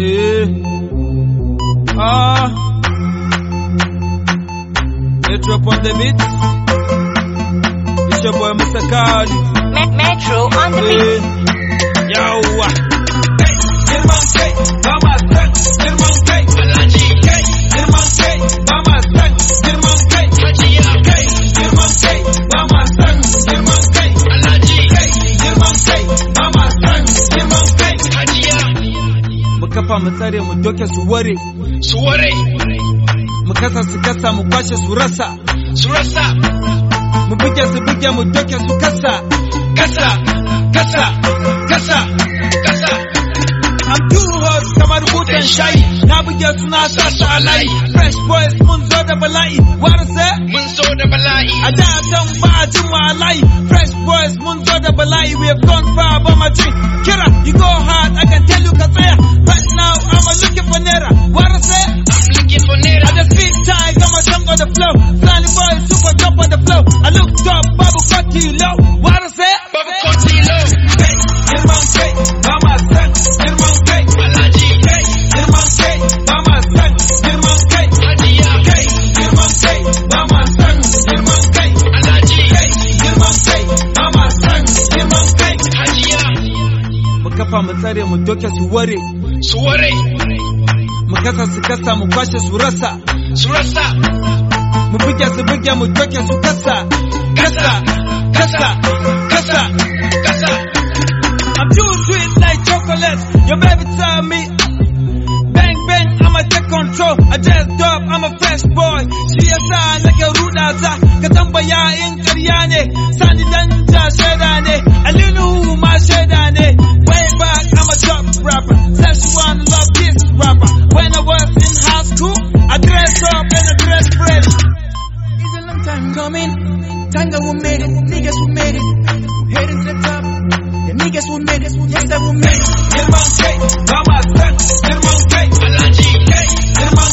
Yeah. Ah. Let's drop on the beat. It's your boy Mr. Cardi. mu kafa mu tsare mu doke su ware su ware mu kasa su kasa kasa kasa kasa kasa I'm too hot kamar butan shayi na buge su na fresh boys mun zo bala'i warse mun zo da bala'i a da can ba fresh boys mun zo bala'i we have gone far ba ma jin kira you go hard I can on the floor. Sunny boy, super jump on the floor. I looked up, bubble cocky low. What is that? Bubble cocky low. Hey, my cake, by my son. In my cake, my my cake, my son. kafa mu mu doke su ware su ware mu kasa su kasa mu kwashe su rasa su rasa mu buge su buge mu doke su kasa kasa kasa kasa kasa I'm too sweet like chocolate your baby tell me bang bang I'ma take control I just drop I'm a fresh boy shi yasa nake ruda za ka tambaya in karya Says she wanna love this rapper. When I was in high school, I dressed up and I dressed fresh. It's a long time coming. Tanga we made it, niggas we made it. Head is the top. The niggas we made it, yes that we made it. Nirman K, Mama Stack, Nirman K, Alanji K,